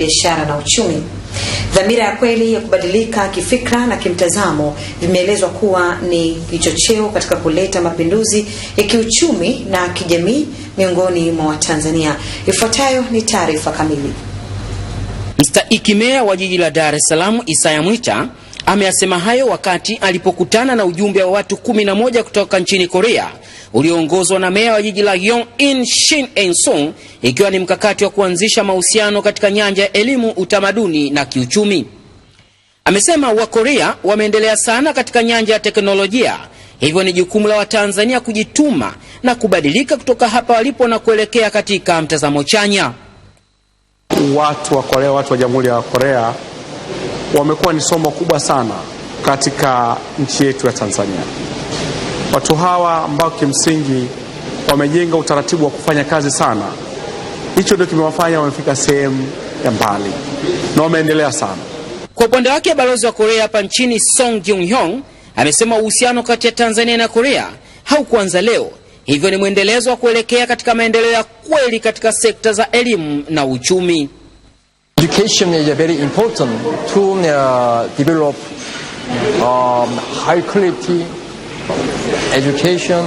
biashara na uchumi. Dhamira ya kweli ya kubadilika kifikra na kimtazamo vimeelezwa kuwa ni kichocheo katika kuleta mapinduzi ya kiuchumi na kijamii miongoni mwa Watanzania. Ifuatayo ni taarifa kamili. Mstahiki Meya wa jiji la Dar es Salaam Isaya Mwita Ameyasema hayo wakati alipokutana na ujumbe wa watu moja kutoka nchini Korea ulioongozwa na meya wa jiji la In Shin En-sung, ikiwa ni mkakati wa kuanzisha mahusiano katika nyanja ya elimu, utamaduni na kiuchumi. Amesema Wakorea wameendelea sana katika nyanja ya teknolojia, hivyo ni jukumu la Watanzania kujituma na kubadilika kutoka hapa walipo na kuelekea katika mtazamo chanya. Watu wa Korea, watu wa Jamhuri ya Korea wamekuwa ni somo kubwa sana katika nchi yetu ya Tanzania. Watu hawa ambao kimsingi wamejenga utaratibu wa kufanya kazi sana, hicho ndio kimewafanya wamefika sehemu ya mbali na wameendelea sana. Kwa upande wake, balozi wa Korea hapa nchini Song Jung Hyong amesema uhusiano kati ya Tanzania na Korea haukuanza leo, hivyo ni mwendelezo wa kuelekea katika maendeleo ya kweli katika sekta za elimu na uchumi. Education is very important to uh, develop um, high quality education,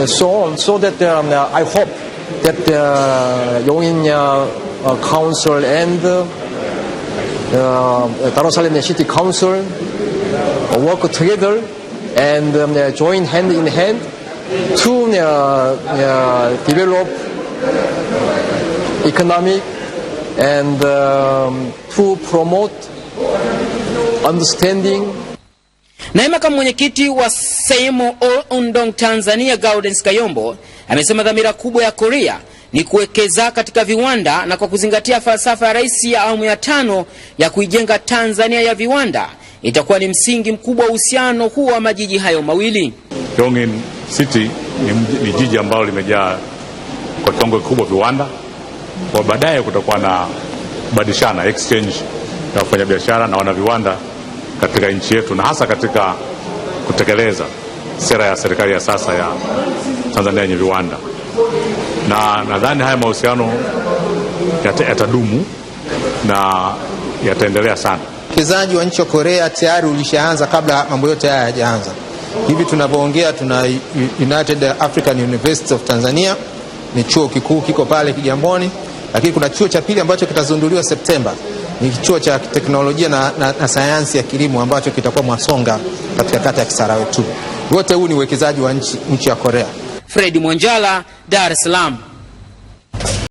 and so on. So that um, uh, I hope that the uh, Yongin uh, uh, Council and uh, Darussalam City Council work together and um, join hand in hand to develop economic and um, to promote understanding. Naye makamu mwenyekiti wa Seimu Undong Tanzania Gaudens Kayombo amesema dhamira kubwa ya Korea ni kuwekeza katika viwanda na kwa kuzingatia falsafa ya rais ya awamu ya tano ya kuijenga Tanzania ya viwanda itakuwa ni msingi mkubwa wa uhusiano huo wa majiji hayo mawili. Yongin City ni, ni jiji ambalo limejaa kwa kiwango kikubwa viwanda kwa baadaye kutakuwa na kubadilishana exchange ya wafanyabiashara na wanaviwanda katika nchi yetu na hasa katika kutekeleza sera ya serikali ya sasa ya Tanzania yenye viwanda, na nadhani haya mahusiano yatadumu na yataendelea sana. Uwekezaji wa nchi ya Korea tayari ulishaanza kabla mambo yote haya hayajaanza. Hivi tunavyoongea tuna United African University of Tanzania, ni chuo kikuu kiko pale Kigamboni. Lakini kuna chuo cha pili ambacho kitazunduliwa Septemba ni chuo cha teknolojia na, na, na sayansi ya kilimo ambacho kitakuwa Mwasonga katika kata ya Kisarawe tu. Wote huu ni uwekezaji wa nchi, nchi ya Korea. Fred Mwanjala, Dar es Salaam.